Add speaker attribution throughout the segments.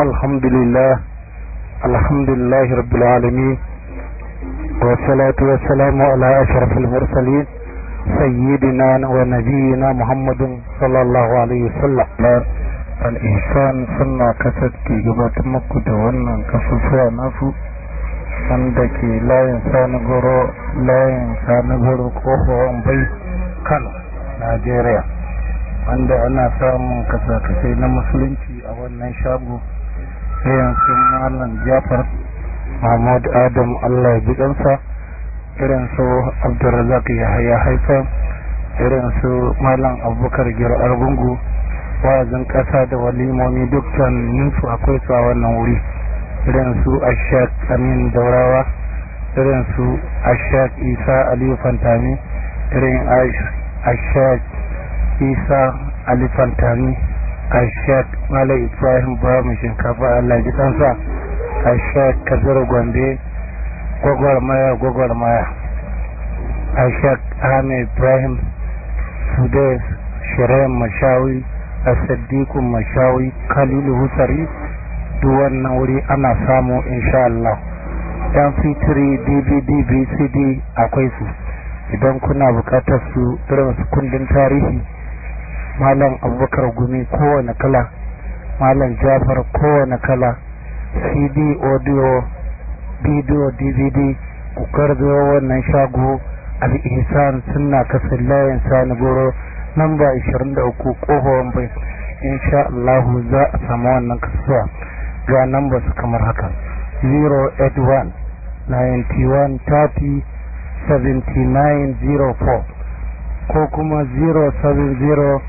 Speaker 1: الحمد لله الحمد لله رب العالمين والصلاة والسلام على أشرف المرسلين سيدنا ونبينا محمد صلى الله عليه وسلم الإحسان سنة كسد كي جبت مكد ونن كسفوا نفو عندك لا إنسان غرو لا إنسان غرو كوهو بي كان نيجيريا عند أنا سامو كسا كسي نمسلنتي أو نشابو sai yankin malam jafar mahmud adam allah ya bi ɗansa irin su abdulrazak ya haifa irin su malam abubakar giro argungu wa'azin ƙasa da walimomi dukkan ninsu akwai su a wannan wuri irin su ashaq amin daurawa irin su ashaq isa aliyu fantami irin ashaq isa ali fantami ashek malam ibrahim bamu shinkafa allah ji kansa ashek kabir gombe gwagwarmaya gwagwarmaya ashek ahmed ibrahim sudais shirayen mashawi a sadiqun mashawi kalilu husari duk wannan wuri ana samu insha allah dan fitiri dvd bcd akwai su idan kuna bukatar su irin su kundin tarihi malam abubakar gumi kowane kala malam jafar kowane kala cd audio bidiyo dvd ku karbe wannan shago al'isan suna kasar layin sani goro nan ba 23 kofar bai insha Allah za a samu wannan kasuwa ga nan ba su kamar haka 081 91 30 7904 ko kuma 070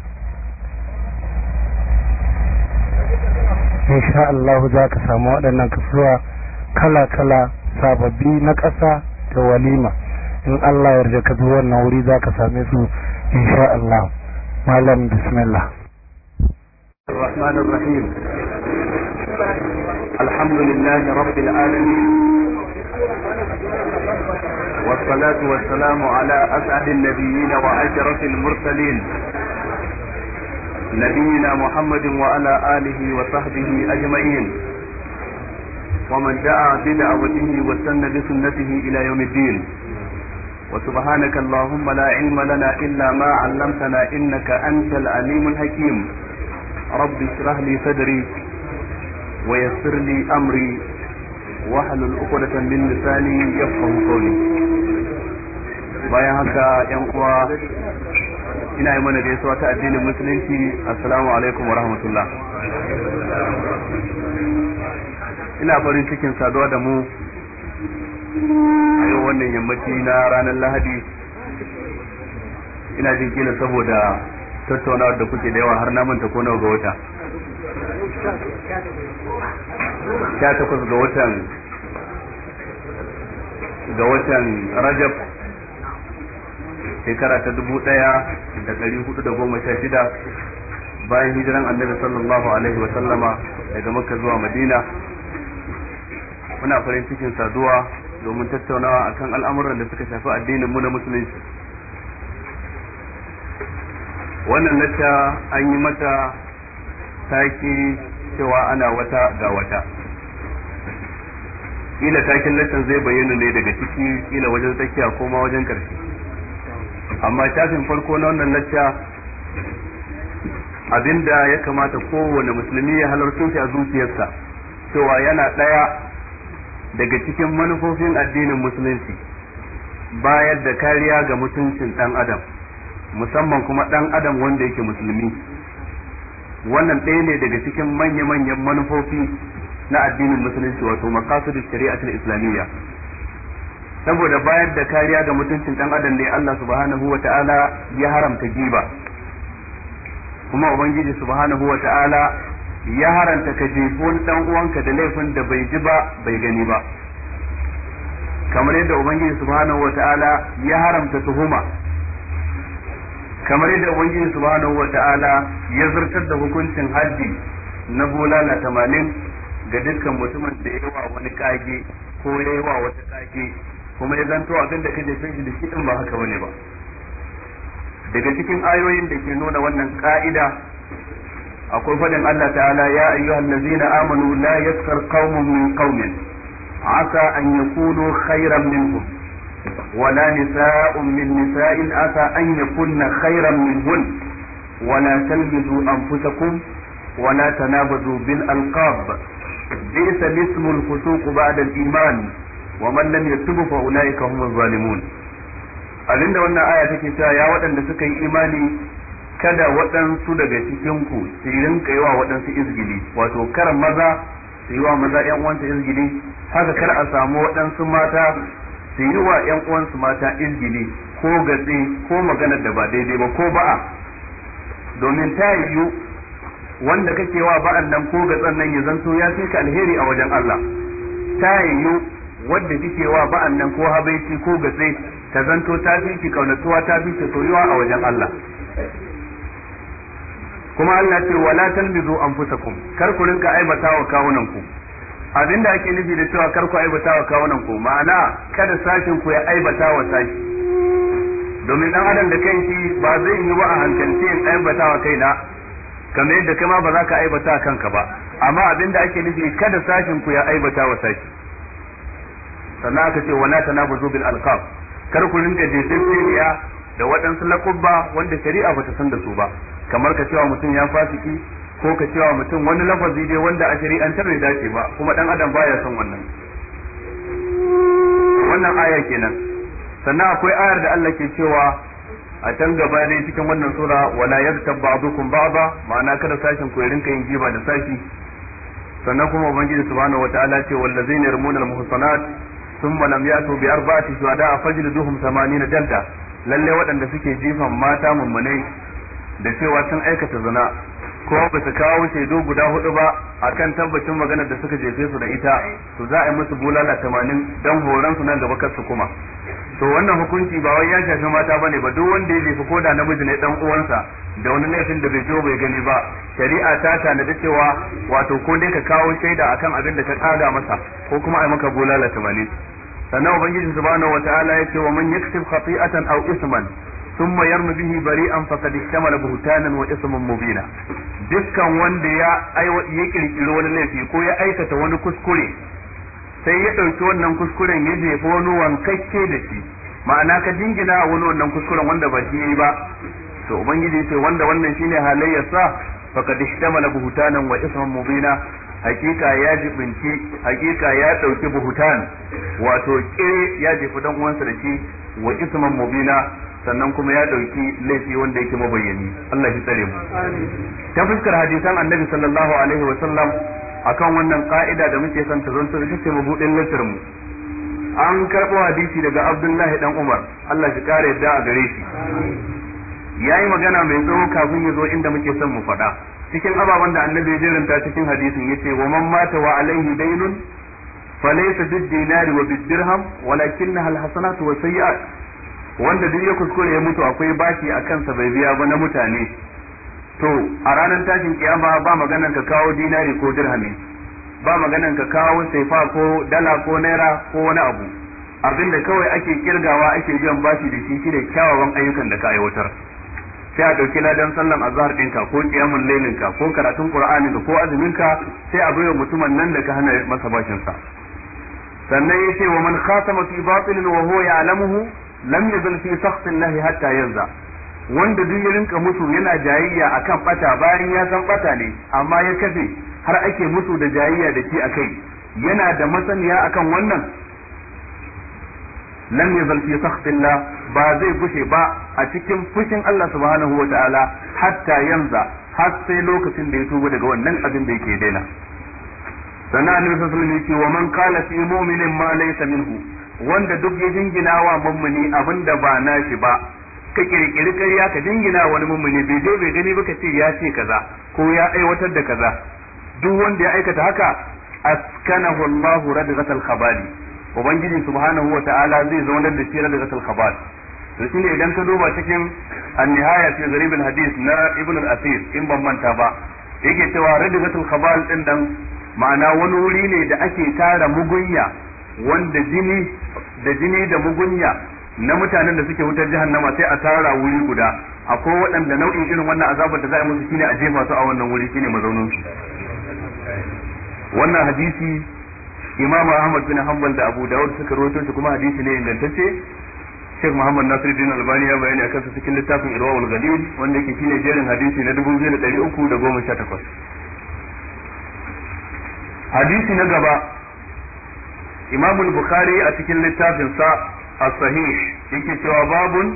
Speaker 1: insha Allah za ka samu waɗannan kasuwa kala-kala sababbi na ƙasa da walima in Allah yarda ka zo wannan wuri za ka same su insha Allah malam bismillah
Speaker 2: الرحمن الرحيم الحمد لله رب العالمين والصلاة والسلام على أسعد النبيين وأشرف المرسلين نبينا محمد وعلى آله وصحبه أجمعين ومن دعا بدعوته واستنى بسنته إلى يوم الدين وسبحانك اللهم لا علم لنا إلا ما علمتنا إنك أنت العليم الحكيم رب اشرح لي صدري ويسر لي أمري واحلل عقدة من لساني يفقه قولي bayan haka 'yan uwa ina yi mana gaisuwa ta addinin musulunci assalamu alaikum wa rahmatullah ina farin cikin saduwa da mu a yau wannan yammaci na ranar lahadi ina jin kila saboda tattaunawar da kuke da yawa har na manta ko nawa ga wata sha takwas ga watan ga watan rajab shekara ta dubu ɗaya da ɗari hudu da goma sha shida bayan hijiran annabi sallallahu alaihi wa sallama daga makka zuwa madina muna farin cikin saduwa domin tattaunawa a kan al'amuran da suka shafi addinin mu na musulunci wannan lacca an yi mata taki cewa ana wata ga wata Ƙila takin lattan zai bayyana ne daga ciki kila wajen tsakiya ko ma wajen ƙarshe amma shafin farko na wannan lacca abinda ya kamata kowane musulmi ya halarci shi a zuciyarsa cewa yana ɗaya daga cikin manufofin addinin musulunci bayar da kariya ga mutuncin ɗan adam musamman kuma ɗan adam wanda yake musulmi wannan ɗaya ne daga cikin manya-manyan manufofi na addinin musulunci wato maqasidus shari'atul islamiyya saboda bayar da kariya ga mutuncin dan adam ne Allah subhanahu wa ta'ala ya haramta giba kuma ubangiji subhanahu wa ta'ala ya haranta ka jefo wani dan uwanka da laifin da bai ji ba bai gani ba kamar yadda ubangiji subhanahu wa ta'ala ya haramta tuhuma kamar yadda ubangiji subhanahu wa ta'ala ya zartar da hukuncin haddi na bulala tamanin ga dukkan mutumin da ya yi wa wani kage ko ya yi wa wata kage kuma ya zanto abin da ka jefe shi da shi din ba haka bane ba daga cikin ayoyin da ke nuna wannan ka'ida akwai fadin Allah ta'ala ya ayyuhal ladzina amanu la yaskar qaumun min qaumin asa an yakunu khairan minhum ولا نساء من نساء عسى أن يكن خيرا منهن ولا تلمزوا أنفسكم ولا تنابزوا بالألقاب بئس الاسم الفسوق بعد iman. wa man lam yatubu fa ulaika humuz zalimun abinda wannan aya take cewa ya waɗanda suka yi imani kada waɗansu daga cikin ku su rinka yawa waɗansu izgili wato kar maza su yi wa maza ƴan uwansu izgili haka kar a samu waɗansu mata su yi wa ƴan uwansu mata izgili ko gatsi ko magana da ba daidai ba ko ba'a domin ta yu wanda kake wa ba'an nan ko gatsan nan ya zanto ya fi ka alheri a wajen Allah ta yu. wadda kike wa ba'an nan ko habaici ko gatse ta zanto ta fi ki kaunatuwa ta fi ki soyuwa a wajen Allah kuma Allah ce wala talmizu anfusakum kar ku rinka aibata wa kawunan ku abinda ake nufi da cewa kar ku aibata wa kawunan ku ma'ana kada sashin ku ya aibata wa sashi domin dan adam da kanki ba zai yi ba a hankalce in aibata wa kaina kamar yadda kai ma ba za ka aibata kanka ba amma abinda ake nufi kada sashin ku ya aibata wa sashi sannan aka ce wala tanabuzu bil alqab kar ku rinka jejjeriya da waɗansu lakubba wanda shari'a bata san da su ba kamar ka cewa mutum ya fasiki ko ka cewa mutum wani lafazi dai wanda a shari'antar da dace ba kuma dan adam baya son wannan wannan aya kenan sannan akwai ayar da Allah ke cewa a can gaba ne cikin wannan sura wala yaktab ba'dukum ba'da ma'ana kada sashin ku rinka yin giba da sashi sannan kuma ubangiji subhanahu wataala ce wallazina yarmuna al-muhsanat sun ba lam yatu bi arba'ati shuhada samani na jalda lalle waɗanda suke jifan mata mummunai da cewa sun aikata zina ko ba su kawo shaidu guda hudu ba akan tabbacin maganar da suka jefe su da ita su za a yi musu bulala tamanin dan horon su nan gaba kar su kuma to wannan hukunci ba wai ya shafi mata bane ba duk wanda ya jefi ko da namiji ne dan uwansa da wani laifin da bai zo bai gani ba shari'a ta tanada cewa wato ko dai ka kawo shaida akan abin da ka kaga masa ko kuma a yi maka bulala tamanin sannan ubangiji subhanahu wataala ya ce wa man yaktub khati'atan aw isman ثم yarmi bihi bari'an faqad ihtamala buhtanan wa isman mubina dukkan wanda ya ya kirkiri wani laifi ko ya aikata wani kuskure sai ya ɗauki wannan kuskuren ya jefa wani wankakke da shi ma'ana ka jingina wani wannan kuskuren wanda ba shi yi ba to ubangiji ce wanda wannan shine halayyarsa faqad ihtamala buhtanan wa isman mubina hakika ya jibinci hakika ya dauki buhutan wato ke ya jefi dan uwansa da shi wa isman mubina sannan kuma ya dauki laifi wanda yake mabayyani Allah ya tsare mu ta fuskar hadisan annabi sallallahu alaihi wa sallam akan wannan ka'ida da muke son ta zanto ita ce mabudin lantar mu an karɓo hadisi daga Abdullahi dan Umar Allah ya kare yadda a gare shi yayi magana mai tsawo kafin ya zo inda muke son mu faɗa cikin ababen da annabi ya jiranta cikin hadisin yace wa man mata wa alaihi daynun falaysa bid dinari wa bid dirham walakinnaha al hasanatu wa sayyi'at wanda duk ya kuskure ya mutu akwai bashi a kansa bai biya ba na mutane to a ranar tashin kiyama ba maganar ka kawo dinari ko dirhami ba maganan ka kawo saifa ko dala ko naira ko wani abu abin da kawai ake kirgawa ake biyan bashi da shi shine kyawawan ayyukan da ka aiwatar sai a ɗauki ladan sallan azhar ɗinka ko ƙiyamun lailinka ko karatun qur'aninka ko azuminka sai a baiwa mutumin nan da ka hana masa bashinsa sannan yace wa man khatama fi batilin wa huwa ya'lamuhu lam yazal fi lahi hatta yanza wanda duk ya rinka musu yana jayayya akan bata bayan ya san bata ne amma ya kafe har ake musu da jayayya da shi akai yana da masaniya akan wannan lam yazal fi shakhsillah ba zai gushe ba a cikin fushin Allah subhanahu wataala hatta yanza har sai lokacin da ya tuba daga wannan abin da yake daina sannan annabi sallallahu alaihi sallam yace wa man qala fi mu'minin ma laysa minhu wanda duk ya jingina wa mummuni abin da ba shi ba ka kirkiri ƙarya ka jingina wani mummuni bai je bai gani ba ka ce ya ce kaza ko ya aiwatar da kaza duk wanda ya aikata haka askanahu Allahu radghatal khabali ubangiji subhanahu wa ta'ala zai zaunar da shi radghatal khabali to shine idan ka duba cikin an-nihaya fi gharib al-hadith na ibn al-asir in ban manta ba yake cewa radghatul khabal din dan ma'ana wani wuri ne da ake tara mugunya wanda jini da jini da mugunya na mutanen da suke wutar jahannama sai a tara wuri guda akwai waɗanda nau'in irin wannan azabar da za a musu shine a jefa su a wannan wuri shine mazaunin su wannan hadisi Imam Ahmad bin Hanbal da Abu Dawud suka rawaito shi kuma hadisi ne ingantacce Sheikh Muhammad Nasiruddin Albani ya bayani akan su cikin littafin Irwaul Ghalil wanda yake shine jerin hadisi na 2318 hadisi na gaba imamul bukhari a cikin littafinsa as-sahih yake cewa babun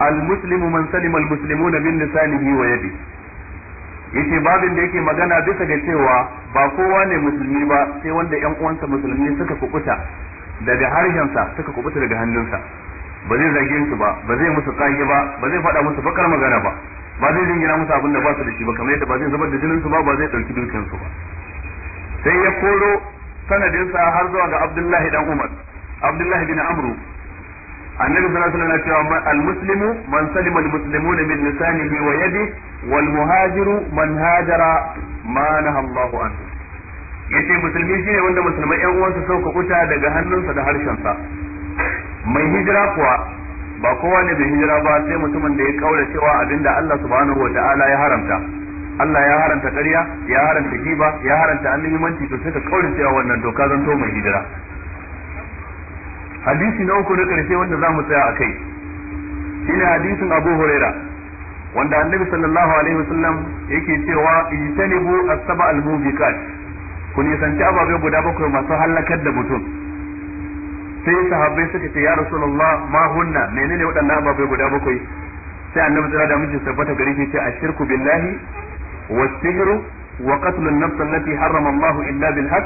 Speaker 2: al-muslimu man salima al-muslimuna min lisanihi wa yadihi babin da yake magana bisa ga cewa ba kowa ne musulmi ba sai wanda yan uwansa musulmi suka kubuta daga harshensa suka kubuta daga hannunsa ba zai zage su ba ba zai musu kage ba ba zai faɗa musu bakar magana ba ba zai jingina musu abin da ba su da shi ba kamar yadda ba zai zubar da jinin su ba ba zai ɗauki dukiyar su ba sai ya koro sanadinsa har zuwa ga Abdullahi dan Umar Abdullahi bin Amru annabi sallallahu alaihi wasallam al almuslimu man salima almuslimuna min lisanihi wa yadi wal muhajiru man hajara ma naha Allahu anhu yace musulmi shine wanda musulmai yan uwansa sauka kuta daga hannunsa da harshensa mai hijira kuwa ba kowa ne bai hijira ba sai mutumin da ya kaura cewa abinda Allah subhanahu wa ta'ala ya haramta Allah ya haranta ƙarya ya haranta giba ya haranta annabimanci to sai ka kaure cewa wannan doka zan to mai hijira hadisi na uku na ƙarshe wanda za mu tsaya a kai shine hadisin Abu Huraira wanda annabi sallallahu alaihi wasallam yake cewa ijtanibu as-saba al-mubiqat ku nisanci ababe guda bakwai masu halakar da mutum sai sahabbai suka ce ya rasulullah ma hunna menene waɗannan ababe guda bakwai sai annabi alaihi da ya tabbata gari ce a shirku billahi والسجر وقتل النفس التي حرم الله إلا بالحق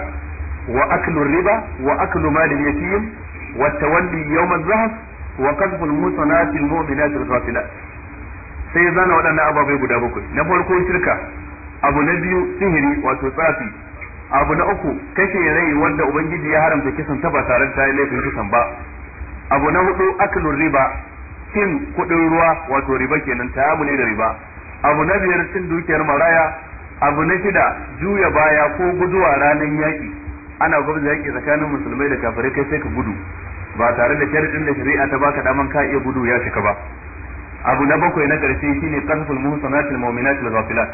Speaker 2: وأكل الربا وأكل مال اليتيم والتولي يوم الزهف وقذف المصنات المؤمنات الغافلات sai zana waɗannan بيبو guda bakwai na شركة shirka نبي سهري وتصافي abu na uku kashe rai wanda ubangiji ya haramta kisan ta ba tare da laifin kisan ba abu na hudu aklun riba cin kudin ruwa wato riba kenan ta ne da riba abu na biyar cin dukiyar maraya abu na shida juya baya ko guduwa ranar yaƙi ana gwamnati yaƙi tsakanin musulmai da kafirai kai sai ka gudu ba tare da ɗin da shari'a ta baka daman ka iya gudu ya shiga ba abu na bakwai na ƙarshe shine qasful muhsanatil mu'minatil ghafilat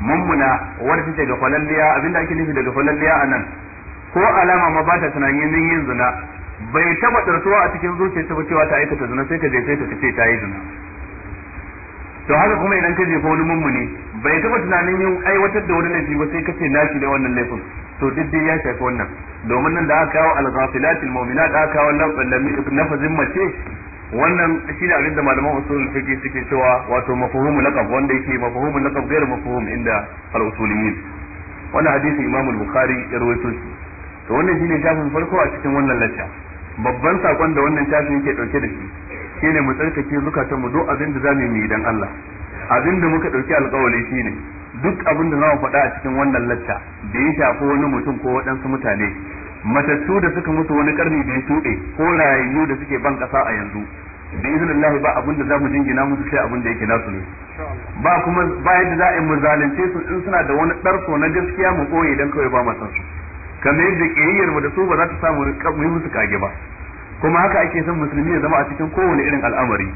Speaker 2: mummuna wani take ga falalliya, abinda ake nufi daga falalliya anan ko alama ma ba ta tunanin yin zina bai taba tsartuwa a cikin zuciyarsa ba cewa ta aikata zina sai ka je sai ka ce ta yi zina to haka kuma idan ka jefa wani mummuni bai taba tunanin yin aiwatar da wani laifi ba sai ka ce shi da wannan laifin to duk dai ya shafi wannan domin nan da aka kawo al-ghafilatil mu'minat da aka kawo lafazin mace wannan shi ne abinda malaman usulul fiqh suke cewa wato mafuhumu laqab wanda yake mafuhumu laqab gairu mafhum inda al-usuliyin wannan hadisi Imam al-Bukhari ya rawaito shi to wannan shine shafin farko a cikin wannan lacca babban sakon da wannan shafin yake dauke da shi shine mu tsarkake zukatan mu duk abin da zamu yi dan Allah abin da muka dauki alƙawari shine duk abin da zamu faɗa a cikin wannan latta da ya shafi wani mutum ko waɗansu mutane matattu da suka mutu wani karni da ya tuɗe ko rayayyu da suke ban ƙasa a yanzu da izinin ba abin da zamu jingina musu sai abin da yake nasu ne ba kuma bayan da za a yi mu zalunce su in suna da wani ɗarko na gaskiya mu koye idan kawai ba mu san su kamar yadda kiyayyar mu da su ba za ta samu mu yi musu kage ba kuma haka ake son musulmi ya zama a cikin kowane irin al'amari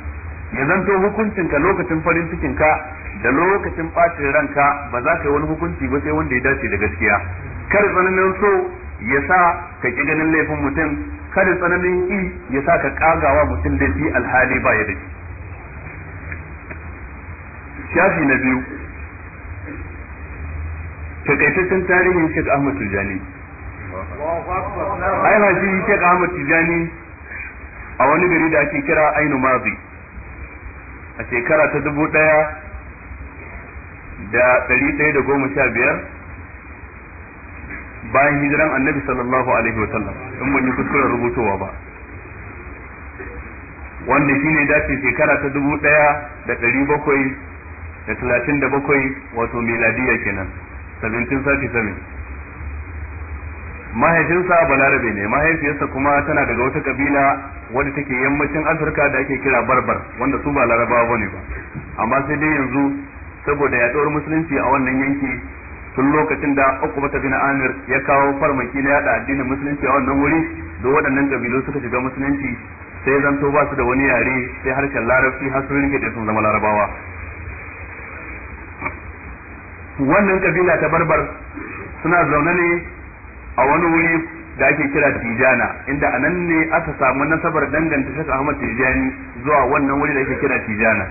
Speaker 2: ya zanto hukuncinka lokacin farin cikinka da lokacin ɓacin ranka ba za ka yi wani hukunci ba sai wanda ya dace da gaskiya kar tsananin so ya sa ka ki ganin laifin mutum kar tsananin i ya sa ka kagawa mutum shi alhali ba ya da shi shafi na biyu takaitaccen tarihin shek Ahmad Tijani ai haji shek Ahmad Tijani a wani gari da ake kira ainu mazi a shekara ta dubu ɗaya da dari daya da goma sha biyar bayan hijiran annabi sallallahu alaihi wasallam in ban yi kuskuren rubutowa ba wanda shi ne dace shekara ta dubu ɗaya da dari bakwai da talatin da bakwai wato miladiya kenan 1737 mahaifinsa balarabe ne mahaifiyarsa kuma tana daga wata kabila wanda take yammacin afirka da ake kira barbar wanda su ba larabawa ne ba amma sai dai yanzu saboda yaɗuwar musulunci a wannan yanki tun lokacin da ukubata bin amir ya kawo farmaki na yada addinin musulunci a wannan wuri da waɗannan kabilu suka shiga musulunci sai zanto ba su da wani yare sai harshen larabci har su rinke da sun zama larabawa wannan kabila ta barbar suna zaune ne a wani wuri da ake kira tijana inda anan ne aka samu nasabar danganta shaka ahmad tijani zuwa wannan wuri da ake kira tijana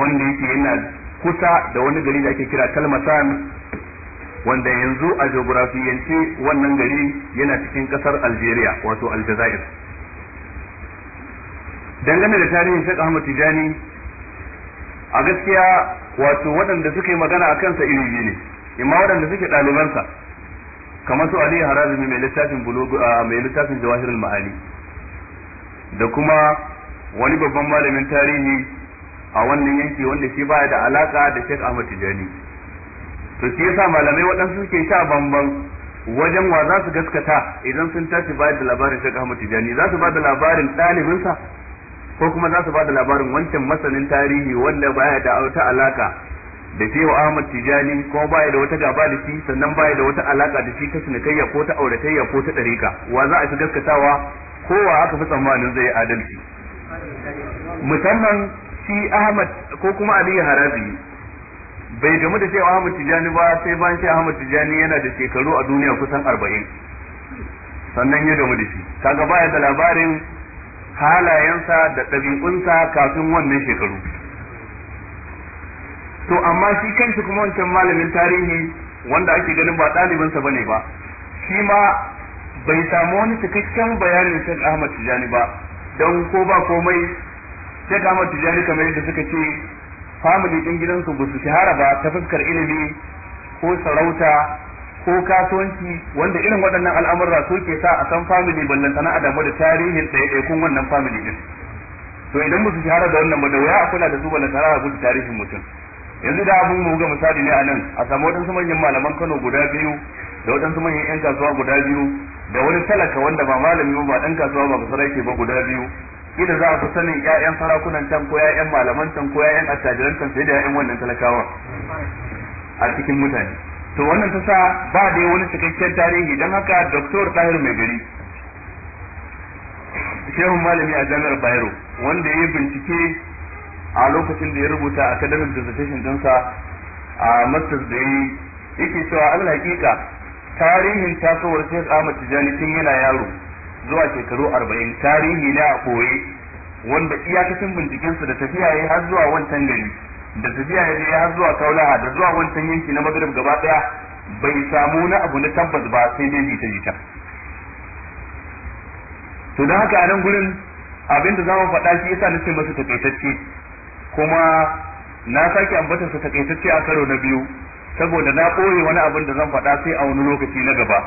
Speaker 2: wanda yake yana kusa da wani gari da ake kira kalmatan wanda yanzu a geografiyance wannan gari yana cikin kasar algeria wato aljazair dangane da tarihin shaka ahmad tijani a gaskiya wato waɗanda suke magana a kansa ilimi ne amma waɗanda suke ɗalibansa kamar su Ali Harazimi mai littafin a mai littafin al Ma'ani da kuma wani babban malamin tarihi a wannan yanki wanda shi baya da alaka da Sheikh Ahmad Tijani to shi yasa malamai waɗansu suke sha bamban wajen wa za su gaskata idan sun tashi bayar da labarin Sheikh Ahmad Tijani za su ba da labarin ɗalibinsa ko kuma za su ba da labarin wancan masanin tarihi wanda baya da wata alaka da wa ahmad tijani ko baya da wata gaba da shi sannan baya da wata alaka da shi ta sinikayya ko ta auratayya ko ta ɗarika wa za a fi gaskatawa kowa aka fi tsammanin zai adalci musamman shi ahmad ko kuma aliyu harabi bai gamu da cewa ahmad tijani ba sai bayan shehu ahmad tijani yana da shekaru a duniya kusan arba'in sannan ya gamu da shi kaga baya da labarin halayensa da ɗabi'unsa kafin wannan shekaru to amma shi kanshi kuma wancan malamin tarihi wanda ake ganin ba ɗalibinsa bane ba shi ma bai samu wani cikakken bayanin Sheikh Ahmad Tijani ba don ko ba komai Sheikh Ahmad Tijani kamar yadda suka ce family din gidansu ba su shahara ba ta fuskar ilimi ko sarauta ko kasuwanci wanda irin waɗannan al'amurra su ke sa a san family ballan sana'a da da tarihin ɗaiɗaikun wannan family din to idan ba su shahara da wannan ba da wuya kula da su ballan sana'a da tarihin mutum yanzu da abin mu ga misali ne a nan a samu wadansu manyan malaman Kano guda biyu da wadansu manyan 'yan kasuwa guda biyu da wani talaka wanda ba malami ba dan kasuwa ba basara yake ba guda biyu idan za a fi sanin 'ya'yan sarakunan can ko 'ya'yan malaman can ko 'ya'yan attajiran can sai da 'ya'yan wannan talakawa a cikin mutane to wannan ta sa ba da wani cikakken tarihi don haka doktor tahir mai gari shehun malami a jami'ar bayero wanda ya yi bincike a lokacin da ya rubuta academic dissertation dinsa a masters da yi yake cewa an hakika tarihin tasowar Sheikh Ahmad Tijani tun yana yaro zuwa shekaru arba'in tarihi ne a koye wanda iyakacin bincikensa da tafiya yi har zuwa wancan gari da tafiya ya je har zuwa Kaulaha da zuwa wancan yanki na Maghrib gaba daya bai samu na abu na tabbas ba sai dai jita jita to da haka a nan gurin abinda za mu faɗa shi yasa nace masa takaitacce kuma na sake ambata su takaitacce a karo na biyu saboda na ɓoye wani abin da zan faɗa sai a wani lokaci na gaba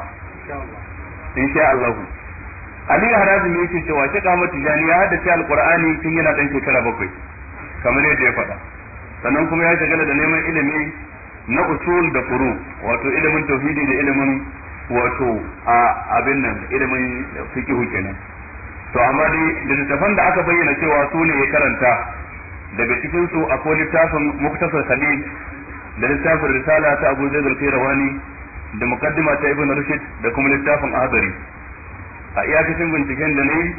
Speaker 2: insha Allah Ali ne yake cewa shi kama tijani ya haddace alqur'ani tun yana dan shekara bakwai kamar yadda ya faɗa sannan kuma ya shagala da neman ilimi na usul da furu wato ilimin tauhidi da ilimin wato a abin nan ilimin fiqh kenan to amma dai da da aka bayyana cewa su ne ya karanta daga cikin su akwai littafin muktasar khalil da littafin risala ta abu zaid al rawani da muqaddima ta ibn rushd da kuma littafin azari a iyakacin binciken da nayi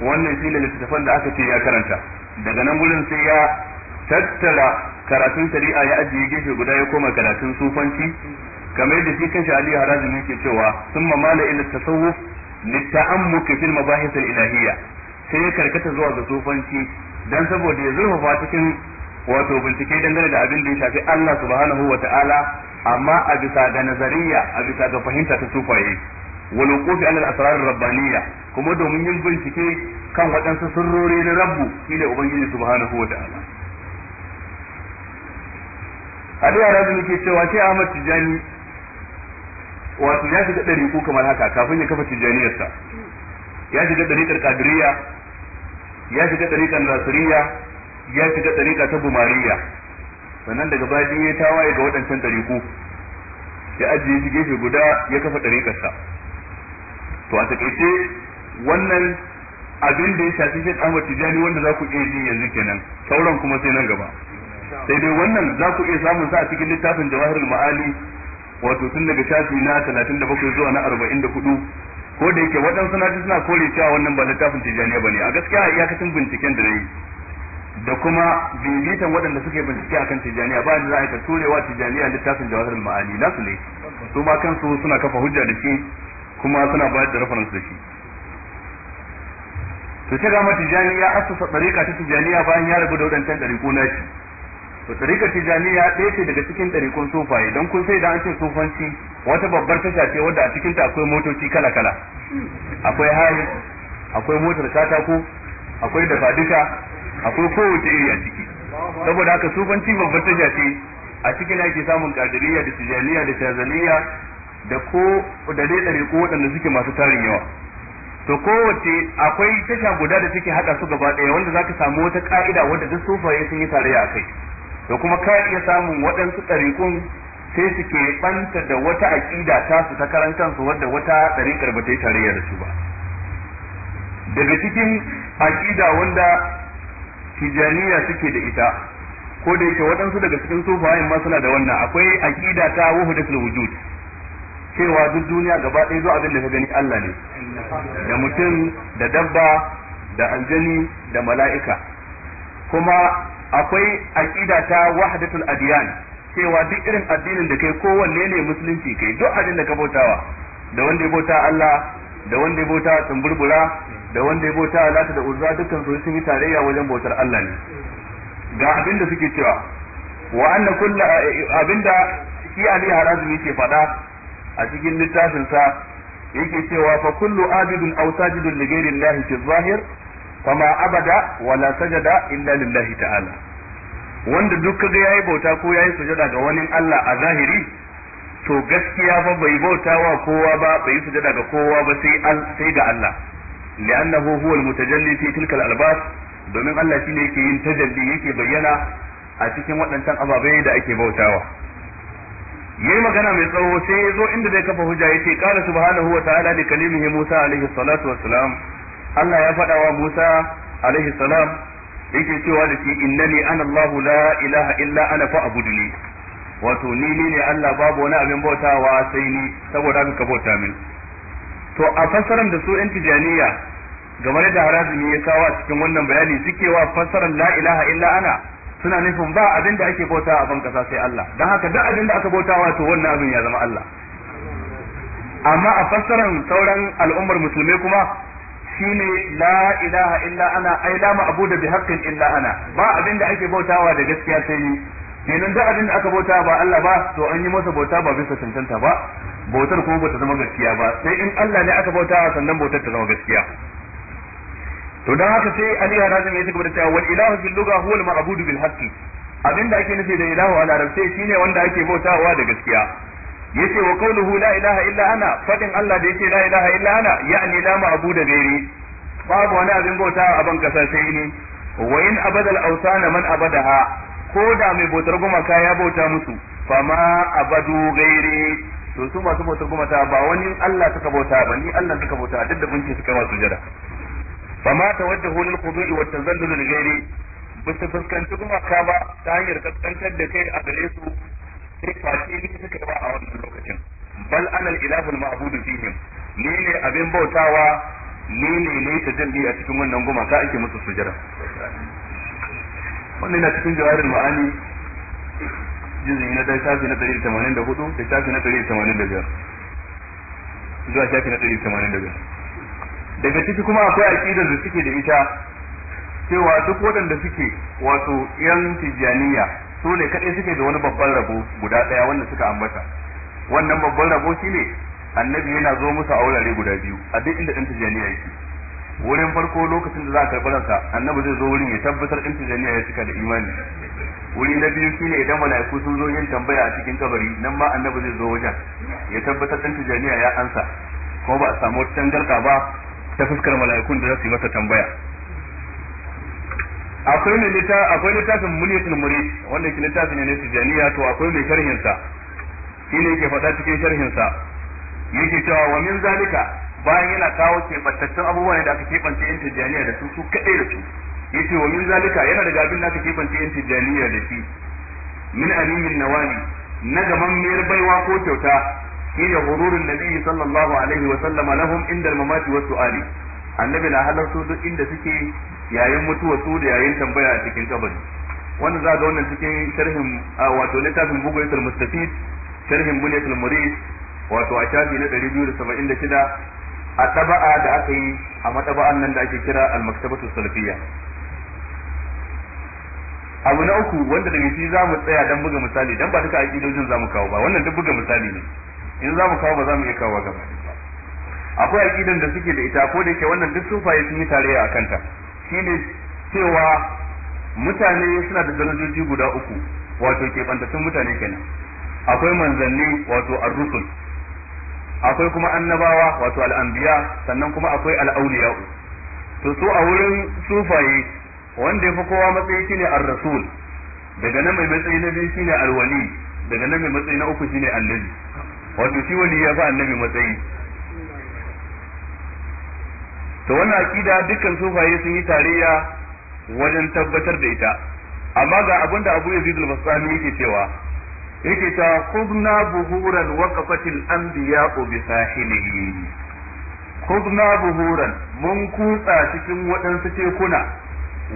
Speaker 2: wannan shi ne littafin da aka ce ya karanta daga nan gurin sai ya tattara karatun shari'a ya ajiye gefe guda ya koma karatun sufanci kamar yadda shi kan Ali Harazim yake cewa summa mala ila tasawuf littafin fil mabahis al-ilahiyya sai ya karkata zuwa ga sufanci dan saboda ya zurfafa cikin wato bincike dangane da abin da ya shafi Allah subhanahu wa ta'ala amma a bisa ga nazariya a bisa ga fahimta ta sufaye wal wuqufi ala al-asrar rabbaniyya kuma domin yin bincike kan waɗansu sirrori na rabbu shine ubangiji subhanahu wa ta'ala hadiya rabbi ke cewa ke Ahmad Tijani wato ya shiga ɗari ko kamar haka kafin ya kafa tijaniyarsa ya shiga ɗariƙar kadiriya ya shiga tariƙa nasiriya ya shiga ɗariƙa ta Bumariya, sannan daga baya ya tawaye ga waɗancan tariƙu ya ajiye shi gefe guda ya kafa ɗariƙarsa to a taƙaice wannan abin da ya shafi shi Ahmad Tijani wanda za ku iya ji yanzu kenan sauran kuma sai nan gaba sai dai wannan za ku iya samun sa a cikin littafin Jawahirul Ma'ali wato tun daga shafi na 37 zuwa na 44 ko da yake waɗansu na suna kore cewa wannan ba littafin tijaniya ba ne a gaskiya iyakacin binciken da na yi da kuma bibitan waɗanda suke bincike akan tijaniya ba da za a yi ka turewa tijaniya littafin jawahar ma'ani su ne su ma kansu suna kafa hujja da shi kuma suna bayar da reference da shi to ce ga ma tijaniya asusa tsarika ta tijaniya bayan ya rabu da waɗancan ɗariƙo na shi to tariƙa tijaniya ɗaya ce daga cikin ɗarikun sufaye don kun sai da an ce sufanci wata babbar tasha ce wadda a cikinta akwai motoci kala kala akwai hali akwai motar katako akwai dafa duka akwai kowace iri a ciki saboda haka sufanci babbar tasha ce a cikin ake samun kadiriya da tijaniya da tanzaniya da ko da dai ɗariƙu waɗanda suke masu tarin yawa to kowace akwai tasha guda da suke haɗa su gaba ɗaya wanda zaka samu wata ka'ida wadda duk sufaye sun yi tarayya a kai Da kuma ka iya samun waɗansu ɗariƙun sai su ke ɓanta da wata aƙida ta su ta karan kansu wadda wata ɗariƙar ba ta yi tarayya da su ba daga cikin aƙida wanda tijaniya suke da ita ko da yake waɗansu daga cikin sufayen ma suna da wannan akwai aƙida ta wuhudatul wujud cewa duk duniya gaba ɗaya zuwa abin da ka gani Allah ne da mutum da dabba da aljani da mala'ika kuma akwai aqida ta wahdatul adyan cewa duk irin addinin da kai kowanne ne musulunci kai duk abin da ka bautawa da wanda ya bauta Allah da wanda ya bauta tumburbura da wanda ya bauta lata da uzza dukkan su sun yi tarayya wajen bautar Allah ne ga abin da suke cewa wa anna kullu abinda shi Ali Harazmi yake fada a cikin littafin sa yake cewa fa kullu abidun aw sajidun li ghayri Allah fi zahir fama abada wala sajada illa lillahi ta'ala wanda duk kaga yayi bauta ko yayi sujada ga wani Allah a zahiri to gaskiya fa bai bauta wa kowa ba bai yi sujada ga kowa ba sai sai ga Allah li'annahu huwa al-mutajalli fi tilka al-albas domin Allah shine yake yin tajalli yake bayyana a cikin waɗancan ababai da ake bautawa yayi magana mai tsawo sai ya zo inda zai kafa hujja yace qala subhanahu wa ta'ala li kalimihi Musa alayhi salatu wassalam Allah ya faɗa wa Musa alaihi salam yake cewa da shi innani ana Allahu la ilaha illa ana fa'buduni wato ni ni ne Allah babu wani abin bautawa sai ni saboda haka bauta min to a fassarar da su 'yan tijaniya game da harazumi ya kawo a cikin wannan bayani suke wa fassarar la ilaha illa ana suna nufin ba abin da ake bauta a ban kasa sai Allah don haka duk abin da aka bauta wato wannan abin ya zama Allah amma a fassaran sauran al'ummar musulmai kuma shine la ilaha illa ana ai la ma'budu bi haqqin illa ana ba abin da ake bautawa da gaskiya sai ni kenan duk abin da aka bauta ba Allah ba to an yi masa bauta ba bisa tantanta ba bautar kuma bata zama gaskiya ba sai in Allah ne aka bautawa sannan bautar ta zama gaskiya to dan haka sai Ali Harazim ya cigaba da cewa wal ilahu fil lugha huwa al ma'budu bil haqqi abin da ake nufi da ilahu a larabce shine wanda ake bautawa da gaskiya yace wa qawluhu la ilaha illa ana fadin Allah da yace la ilaha illa ana ya'ni la ma'budu ghairi babu wani abin bauta a ban kasa sai ni wa in abadal awsana man abadaha ko da mai bautar gumaka ya bauta musu fa ma abadu ghairi to su masu bautar gumaka ba wani Allah suka bauta ba ni Allah suka bauta duk da bunci suka masu jira fa ma tawajjahu lil qudu'i wa tazallul ghairi ba su fuskanci gumaka ba ta hanyar kaskantar da kai a gare su sai kwace ni suka yi a wannan lokacin bal anal ilahul ma'budu fihim ni ne abin bautawa ni ne ne ta jambi a cikin wannan ka ake musu sujada wannan na cikin jawarin ma'ani juz'i na dai shafi na 184 da shafi na 185 zuwa shafi na 185 daga ciki kuma akwai aqidar da suke da ita cewa duk waɗanda suke wato yan tijaniya su ne kaɗai suke da wani babban rabo guda ɗaya wanda suka ambata wannan babban rabo ne annabi yana zo musu a wurare guda biyu a duk inda ɗan tijaniya yake wurin farko lokacin da za a karɓi ransa annabi zai zo wurin ya tabbatar ɗan tijaniya ya cika da imani wuri na biyu shine idan mala'iku sun zo yin tambaya a cikin kabari nan ma annabi zai zo wajen ya tabbatar ɗan tijaniya ya ansa kuma ba a samu wata tangarɗa ba ta fuskar mala'ikun da za su yi masa tambaya akwai ne lita akwai littafin muniyatul murid wanda ke littafin ne tijaniya to akwai mai sharhin sa shi ne yake faɗa cikin sharhin sa yake cewa wa min zalika bayan yana kawo keɓantattun abubuwa ne da aka keɓance yan tijaniya da su su kaɗai da su yace wa min zalika yana daga abin da aka keɓance yan tijaniya da shi min alimin nawali na gaban mayar baiwa ko kyauta shi ne hururun nabi sallallahu alaihi wa sallama lahum inda mamati wa su'ali annabi na halarta duk inda suke yayin mutuwa su da yayin tambaya a cikin kabari wanda za ga wannan cikin sharhin wato littafin bugayatul mustafid sharhin bunyatul murid wato a shafi na 276 a taba'a da aka yi a mataba'an nan da ake kira al-maktabatu salafiyya abu na uku wanda daga shi za mu tsaya dan buga misali dan ba duka aƙidojin za mu kawo ba wannan duk buga misali ne in za mu kawo ba za mu iya kawo gaba akwai aƙidan da suke da ita ko da yake wannan duk sufaye sun yi tarayya a kanta shine cewa mutane suna da darajoji guda uku wato ke keɓantattun mutane kenan akwai manzanni wato ar-rusul akwai kuma annabawa wato al'anbiya sannan kuma akwai al'auliya to su a wurin sufaye wanda ya fi kowa matsayi shine ar-rasul daga nan mai matsayi na biyu shine al-wali daga nan mai matsayi na uku shine annabi wato shi wali ya fi annabi matsayi to wannan akida dukkan sufaye sun yi tarayya wajen tabbatar da ita amma ga abin da Abu Yazid al-Bastami yake cewa yake ta khudna buhuran waqafatil anbiya bi sahilihi khudna buhuran mun kutsa cikin waɗansu tekuna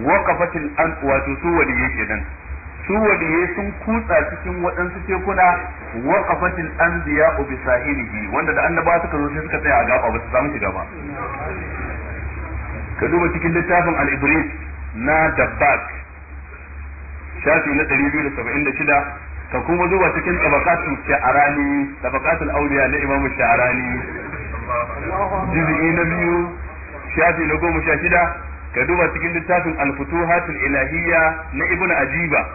Speaker 2: waqafatil an wato su wadiye kenan su wadiye sun kutsa cikin waɗansu tekuna waqafatil anbiya bi sahilihi wanda da annaba suka zo sai suka tsaya a gaba ba su samu shiga ba ka duba cikin littafin al-ibris na dabbak shafi na 276 ka kuma duba cikin tabaqatu sha'arani tabaqatul awliya na imam sha'arani juz'i na biyu shafi na goma sha shida ka duba cikin littafin al-futuhatul ilahiyya na ibn ajiba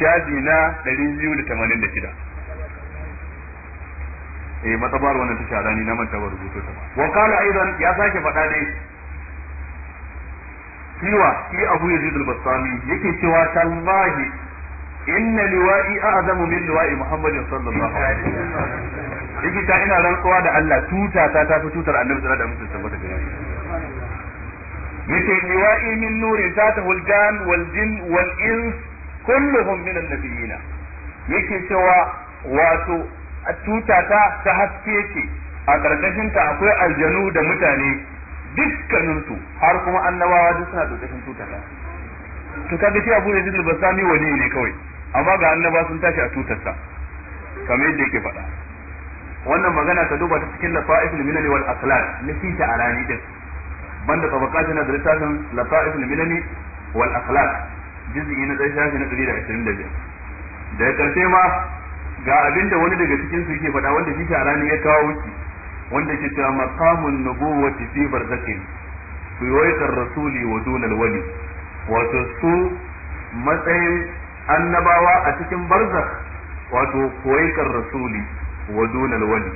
Speaker 2: shafi na 286 eh matsabar wannan ta sha'arani na manta rubutu ta wa qala aidan ya sake faɗa cewa shi abu ya zidul bastami yake cewa tallahi inna liwa'i a'zamu min liwa'i muhammadin sallallahu alaihi wasallam yake ta ina rantsuwa da Allah tuta ta tafi tutar annabi sallallahu alaihi wasallam yake liwa'i min nuri tatahu al-jan wal jin wal ins kulluhum min annabiyina yake cewa wato a tuta ta ta haske ce a ta akwai aljanu da mutane dukkaninsu har kuma annabawa duk suna ƙarƙashin tutar to kaga shi Abu Yazid al sami wani ne kawai amma ga annaba sun tashi a tutarsa kamar yadda yake faɗa wannan magana ta duba ta cikin lafa'if al wal aqlal na fi ta arani din banda tabaqatin da littafin lafa'if al wal aqlal juz'i na dai shafi na 125 da karshe ma ga abinda wani daga cikin su yake faɗa wanda fi ta arani ya kawo wuce wanda ke cewa maqamun nubuwati fi barzakhin riwayatar rasuli wa dunal wali wato su matsayin annabawa a cikin barzak wato koyar rasuli wa dunal wali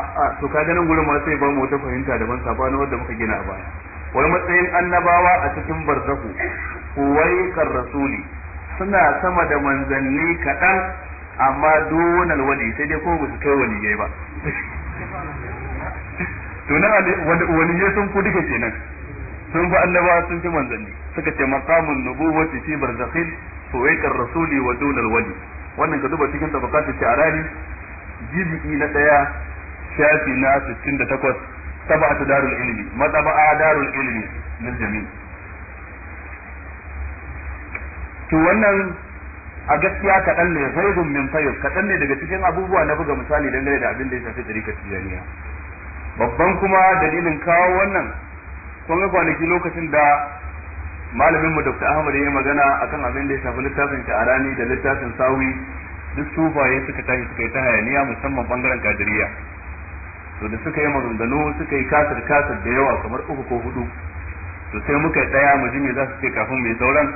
Speaker 2: a to kaga nan gurin ma sai ba mu ta fahimta daban sabanin wanda muka gina a baya wai matsayin annabawa a cikin barzaku kuwaikar rasuli suna sama da manzanni kaɗan amma dunal wali sai dai ko ba su kai wani ba to na ya sun ku duka kenan sun fi annaba sun fi manzanni suka ce maqamun nubuwati fi su suwaiqar rasuli wa dunal wali wannan ka duba cikin a rari jibi na daya shafi na 68 tabatu darul ilmi mataba'a darul ilmi na jami' to wannan a gaskiya kaɗan ne zaidun min fayyar kaɗan ne daga cikin abubuwa na buga misali dangane da abin da ya shafi tsarikar tijaniya babban kuma dalilin kawo wannan kun ga kwanaki lokacin da malaminmu dr ahmad ya yi magana akan abin da ya shafi littafin sha'arani da littafin sawi duk sufaye suka tashi suka yi ta hayaniya musamman bangaren kadiriya to da suka yi maganganu suka yi kasar kasar da yawa kamar uku ko hudu to sai muka yi daya mu ji za su ce kafin mai sauran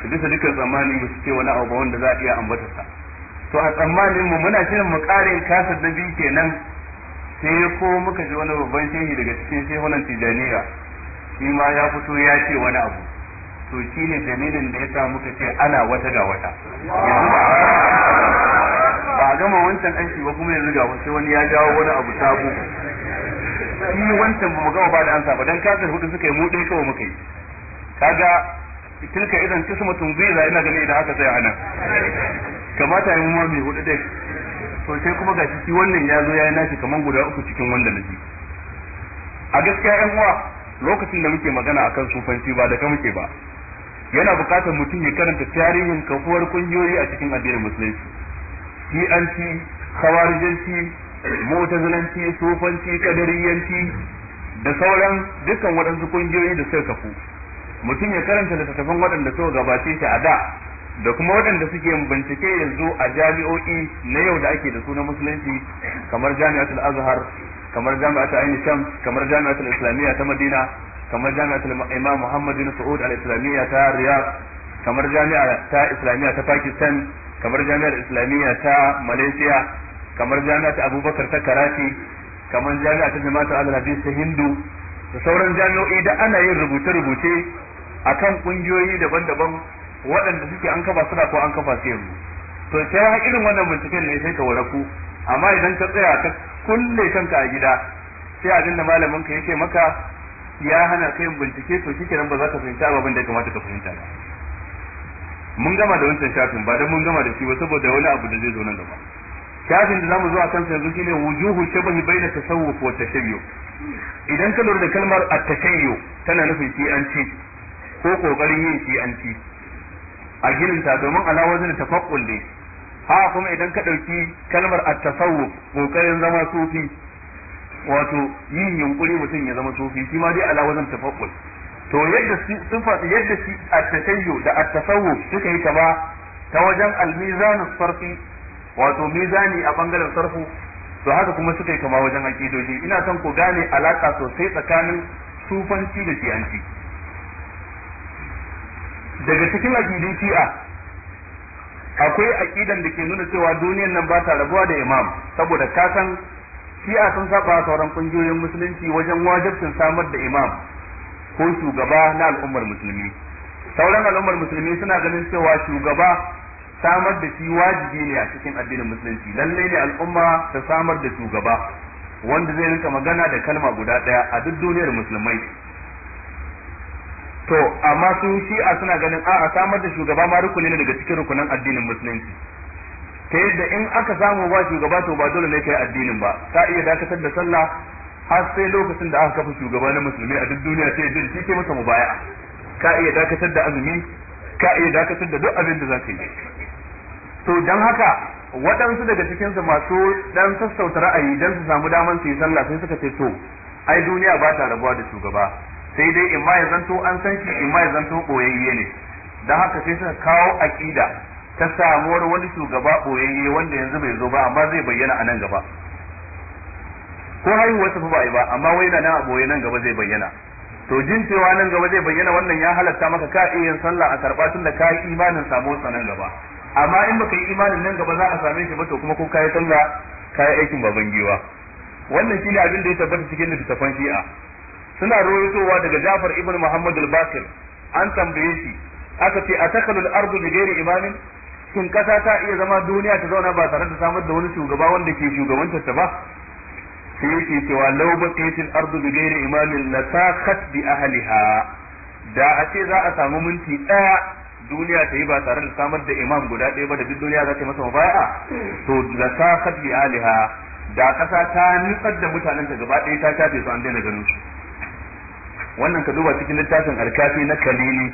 Speaker 2: su bisa dukkan tsammani ba su wani abu wanda za a iya ta, to a tsammanin mu muna shirin mu kare kasar da bi kenan sai ya ko muka ji wani babban shehi daga cikin shehunan tijaniya shi ma ya fito ya ce wani abu to shi ne dalilin da ya sa muka ce ana wata ga wata ba a gama wancan aiki ba kuma yanzu ga sai wani ya jawo wani abu sabu shi wancan ba mu gama ba da ansa ba dan kasar hudu suka yi mu ɗaya kawai muka yi kaga tilka idan kisma zai ina ganin idan aka tsaya anan kamata yi mu ma mai hudu ɗaya to sai kuma ga shi wannan ya zo ya yi nashi kamar guda uku cikin wanda na ji a gaskiya yan uwa lokacin da muke magana akan sufanci ba da ka muke ba yana bukatar mutum ya karanta tarihin kafuwar kungiyoyi a cikin addinin musulunci shi'anci khawarijanci mu'tazilanci sufanci kadariyanci da sauran dukkan waɗansu kungiyoyi da suka kafu mutum ya karanta littattafan waɗanda suka gabace shi a da da kuma waɗanda suke bincike yanzu a jami'o'i na yau da ake da su na musulunci kamar jami'atul azhar kamar jami'atul ain sham kamar jami'atul islamiyya ta madina kamar jami'atul imam muhammad bin saud al islamiyya ta riyad kamar jami'a ta islamiyya ta pakistan kamar jami'ar islamiyya ta malaysia kamar jami'a ta abubakar ta karachi kamar jami'a ta jama'atul al hadith ta hindu da sauran jami'o'i da ana yin rubuce-rubuce akan kungiyoyi daban-daban waɗanda suke an kafa suna ko an kafa su yanzu to sai ya irin wannan binciken ne sai ka waraku amma idan ka tsaya ka kulle kanka a gida sai a dinda malamin ka yake maka ya hana ka yin bincike to nan ba za ka fahimta abin da ya kamata ka fahimta ba mun gama da wancan shafin ba dan mun gama da shi ba saboda wani abu da zai zo nan gaba shafin da zamu zo a kan sa yanzu shine wujuhu shabahi baina tasawuf wa tashayyu idan ka lura da kalmar at-tashayyu tana nufin ci ko kokarin yin ci a ta domin wajen tafakkul ne ha kuma idan ka ɗauki kalmar at-tasawuf kokarin zama sufi wato yin yunkuri mutum ya zama sufi shi ma dai wajen tafakkul to yadda sufa yadda shi at-tashayyu da at-tasawuf suka yi kama ta wajen al-mizan sarfi wato mizani a bangaren sarfu to haka kuma suka yi kama wajen aqidoji ina son ku gane alaka sosai tsakanin sufanci da shi'anci daga cikin aqidin shi'a akwai aqidan da ke nuna cewa duniyar nan ba ta rabuwa da imam saboda ka san shi'a sun saba sauran kungiyoyin musulunci wajen wajibcin samar da imam ko shugaba na al'ummar musulmi sauran al'ummar musulmi suna ganin cewa shugaba samar da shi wajibi ne a cikin addinin musulunci lallai ne al'umma ta samar da shugaba wanda zai rinka magana da kalma guda ɗaya a duk duniyar musulmai to amma su shi'a suna ganin a'a samar da shugaba ma rukuni ne daga cikin rukunan addinin musulunci ta yadda in aka samu ba shugaba to ba dole ne ka yi addinin ba ka iya dakatar da sallah har sai lokacin da aka kafa shugaba na musulmi a duk duniya sai jin shi ke masa baya, ka iya dakatar da azumi ka iya dakatar da duk abin da zaka yi to dan haka waɗansu daga cikinsu masu dan sassauta ra'ayi dan su samu damar su yi sallah sai suka ce to ai duniya ba ta rabuwa da shugaba sai dai in ma ya zanto an san shi in ma ya zanto boyayye ne dan haka sai suka kawo aqida ta samuwar wani shugaba boyayye wanda yanzu bai zo ba amma zai bayyana a nan gaba ko haihuwar ta ba yi ba amma wai na nan a boye nan gaba zai bayyana to jin cewa nan gaba zai bayyana wannan ya halatta maka ka iya sallah a karba tun da ka yi imanin samuwar sa nan gaba amma in baka yi imanin nan gaba za a same shi ba to kuma ko ka yi sallah ka yi aikin babangiwa wannan wannan shine abin da ya tabbata cikin littattafan shi'a suna rawaitowa daga Ja'far ibn Muhammad al-Bakir an tambaye shi aka ce atakalul ardu bi ghairi imamin shin kasa ta iya zama duniya ta zauna ba tare da samar da wani shugaba wanda ke shugabantar ta ba sai yake cewa law baqiyatil ardu bi ghairi imamin la taqat bi ahliha da a ce za a samu minti daya duniya ta yi ba tare da samar da imam guda ɗaya ba da duk duniya za ta yi masa mubaya to la taqat bi Aliha da kasa ta nutsar da mutanen ta gaba ɗaya ta tafe su an daina ganin su wannan ka duba cikin littafin alkafi na kalili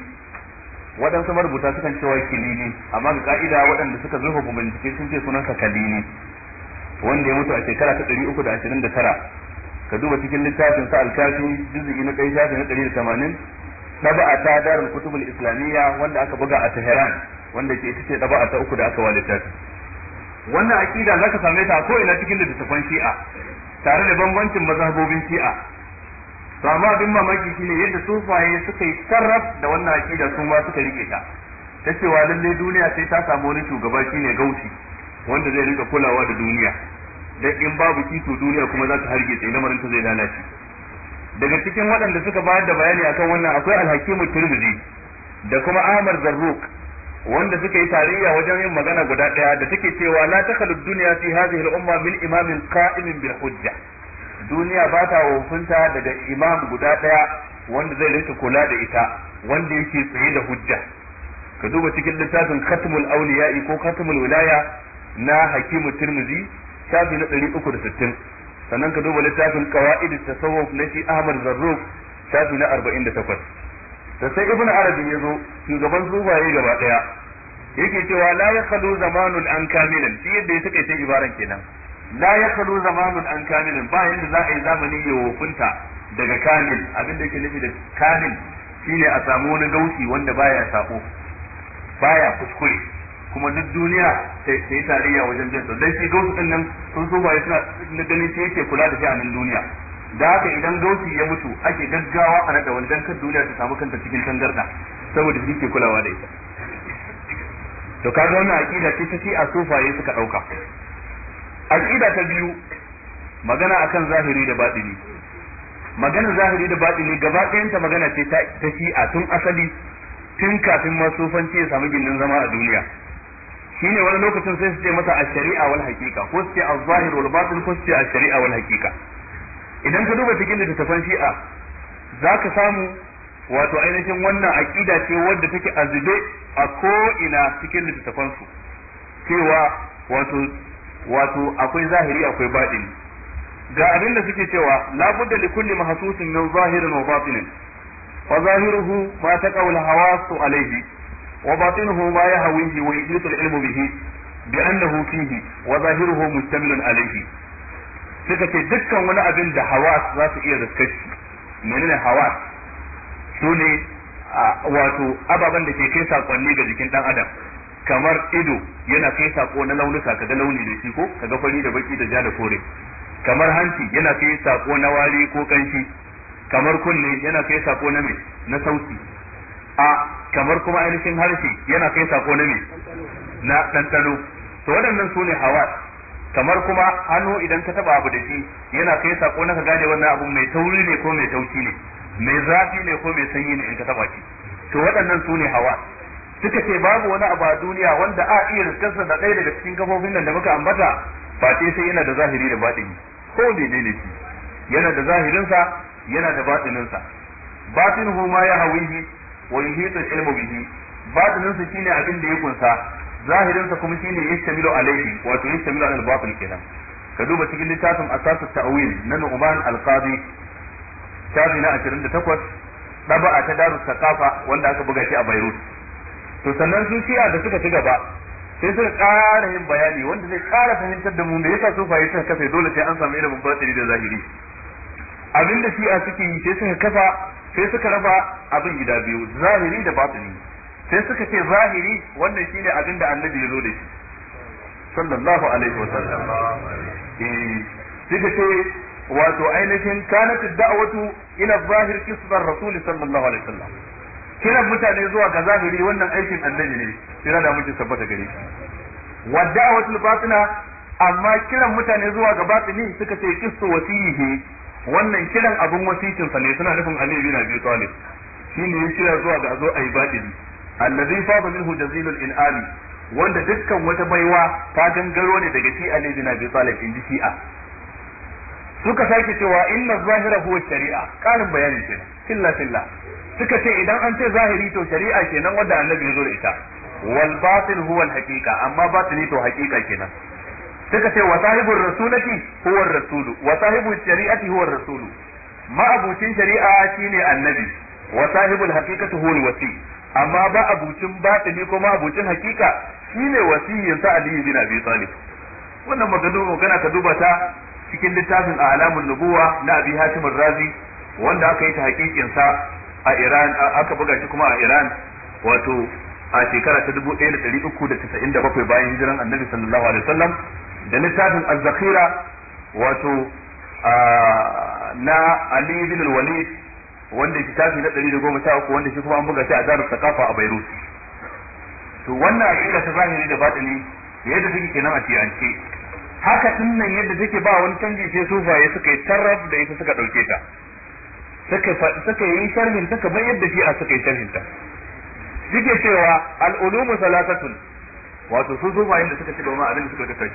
Speaker 2: waɗansu marubuta sukan cewa kilili amma ga ka'ida waɗanda suka zurfa bincike sun ce sunansa kalili wanda ya mutu a shekara ta ɗari uku da ashirin da tara ka duba cikin littafin sa alkafi juz'i na ɗaya shafi na ɗari da tamanin ɗaba'a ta darul kutubul islamiyya wanda aka buga a tehran wanda ke ita ce a ta uku da aka wa littafi. wannan aƙida za ka same ta ko ina cikin littattafan shi'a tare da bambancin mazhabobin shi'a to amma abin mamaki shine yadda sufaye suka yi sarraf da wannan aqida su ma suka rike ta ta cewa lalle duniya sai ta samu wani shugaba shine gausi wanda zai rika kulawa da duniya dan in babu kito duniya kuma za ta harge sai lamarin ta zai lalace daga cikin waɗanda suka bayar da bayani akan wannan akwai alhakimu tirmidhi da kuma ahmad zarruq wanda suka yi tarayya wajen yin magana guda ɗaya da take cewa la takhalu dunya fi hadhihi al-umma min imamin qa'imin bil hujja duniya ba ta wofinta daga imam guda daya wanda zai rinka kula da ita wanda yake tsaye da hujja ka duba cikin littafin khatmul awliya ko khatmul wilaya na hakimu tirmizi shafi na 360 sannan ka duba littafin qawaid tasawuf na shi ahmad zarruf shafi na 48 da sai ibnu arabi ya zo shugaban zubaye gaba daya yake cewa la yakhlu zamanul an kamilan shi yadda ya take ibaran kenan la yakalu zamanun an kamilin ba yanda za a yi zamani ya wofinta daga kamil abin da ke nufi kamil shine a samu wani gausi wanda baya sako baya kuskure kuma duk duniya ta yi tarayya wajen jinsa dan shi gausi din nan sun so baya suna ganin shi yake kula da sha'anin duniya da haka idan gausi ya mutu ake gaggawa a nada wani dan kan duniya ta samu kanta cikin tangarda saboda shi ke kulawa da ita to kaga wannan aqida ce ta ce a sufaye suka dauka aqida ta biyu magana akan zahiri da batini magana zahiri da batini gaba ɗayanta magana ce ta shi'a tun asali tun kafin masufanci ya samu gindin zama a duniya shine wani lokacin sai su ce masa ash-shari'a wal haqiqa ko su ce az-zahir wal batin ko su ce ash-shari'a wal haqiqa idan ka duba cikin littattafan shi'a zaka samu wato ainihin wannan aqida ce wadda take azube a ko ina cikin littattafan cewa wato wato akwai zahiri akwai batini ga abin da suke cewa budda li kulli mahsusin min zahirin wa batinin fa zahiruhu ma taqawul hawasu alayhi wa batinuhu ma yahawihi wa yujitu al ilmu bihi bi annahu fihi wa zahiruhu mustamilun alayhi suka ce dukkan wani abin da hawas za su iya zaskar shi menene hawas su ne wato ababen da ke kai sakonni ga jikin dan adam kamar ido yana kai sako na launuka kaga launi da shi ko kaga fari da baki da ja da kore kamar hanci yana kai sako na wari ko kanshi kamar kunne yana kai sako na me na sauti a kamar kuma ainihin harshe yana kai sako na me na ɗanɗano to waɗannan su ne hawa kamar kuma hannu idan ka taba abu da shi yana kai sako na ka gane wannan abu mai tauri ne ko mai tauci ne mai zafi ne ko mai sanyi ne in ka taba shi to waɗannan su ne hawa suka ce babu wani abu a duniya wanda a iya riskansa da ɗaya daga cikin kafofin nan da muka ambata ba ce sai yana da zahiri da baɗini ko ne ne shi yana da zahirinsa yana da baɗininsa batinuhu ma ya hawihi wa yuhitu ilmu bihi batininsa shine abin da ya kunsa zahirinsa kuma shine yastamilu alaihi wato yastamilu al batil kenan ka duba cikin littafin asasut ta'wil na Nu'man al-Qadi shafi na 28 daba'a ta Darus wanda aka buga shi a Beirut to sannan su shi'a da suka ci gaba sai suka ƙara yin bayani wanda zai ƙara fahimtar da mu me yasa sufaye suka kafe dole sai an samu ilimin batini da zahiri Abin da shi'a suke yi sai suka kafa sai suka raba abin gida biyu zahiri da batini sai suka ce zahiri wannan shine abin da annabi ya zo da shi sallallahu alaihi wa sallam eh ce wato ainihin kanat da'watu ila zahir kisbar rasul sallallahu alaihi wa sallam kiran mutane zuwa ga zahiri wannan aikin annabi ne kira da muke tabbata gare shi wa da'watul batina amma kiran mutane zuwa ga batini suka ce kisto wasihi wannan kiran abun wasikin sa ne suna nufin Ali bin Abi Talib shine ya kira zuwa ga zo ayi batini allazi fada minhu jazilul inali wanda dukkan wata baiwa ta gangaro ne daga shi Ali bin Abi Talib shi shi'a suka sake cewa inna zahira huwa shari'a karin bayani kenan illa fillah suka ce idan an ce zahiri to shari'a kenan wanda annabi ya zo da ita wal batil huwa al haqiqa amma batili to haqiqa kenan suka ce wa sahibur rasulati huwa ar rasulu wa sahibu shari'ati huwa ar rasulu ma'abucin shari'a shine annabi wa sahibul haqiqati huwa al wasi amma ba abucin batili ko ma'abucin haqiqa shine wasiyin sa Ali bin Abi Talib wannan magana magana ka duba ta cikin littafin a'lamun nubuwa na Abi Hashim razi wanda aka yi ta hakikin sa a Iran aka buga shi kuma a Iran wato a shekara ta 1397 bayan hijiran Annabi sallallahu alaihi wasallam da littafin Az-Zakhira wato na Ali ibn al-Walid wanda tafi na uku, wanda shi kuma an buga shi a Darus Saqafa a Beirut to wannan aqida ta zahiri da batini yadda take kenan a tiyance haka tun nan yadda take ba wani canji sai ya suka yi tarraf da ita suka dauke ta suka yi sharhin ta kamar yadda shi'a suka yi sharhin ta suke cewa al'ulumu salatatun wato su zuwa yadda suka ci gaba abin da suka ta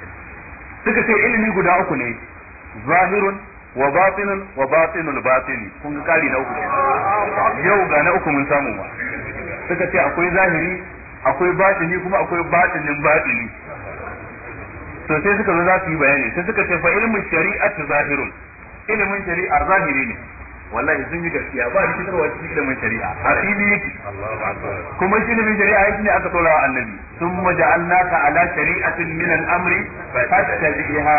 Speaker 2: suka ce ilimi guda uku ne zahirun wa batinun wa batinul batini kun ga kari na uku yau ga na uku mun samu ba suka ce akwai zahiri akwai batini kuma akwai batinin batini to sai suka zo za su yi bayani sai suka ce fa ilmin shari'atu zahirun ilimin shari'a zahiri ne wallahi sun yi gaskiya ba shi rikitarwa cikin ilimin shari'a a fili yake kuma shi ne ilimin shari'a yake ne aka tsora wa annabi sun maja'alnaka ala shari'atin min al-amri fattabiha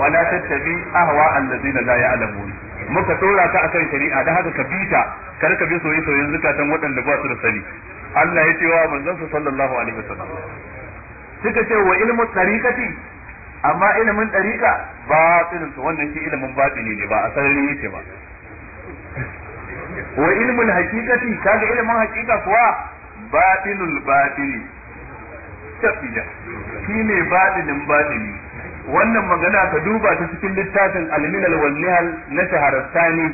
Speaker 2: wa la tattabi ahwa allazina la ya'lamun muka tsora ka akan shari'a da haka ka bita kar ka bi soyayya soyayyen zakatan waɗanda ba su da sani Allah ya ce wa manzon sa sallallahu alaihi wasallam suka ce wa ilmu tariqati amma ilmin tariqa ba su wannan shi ilmin batini ne ba a sarari yake ba wa ilmul haqiqati kaga ilmin hakika kuwa batinul batini shi ne batinin batini wannan magana ka duba ta cikin littafin al-milal na shaharastani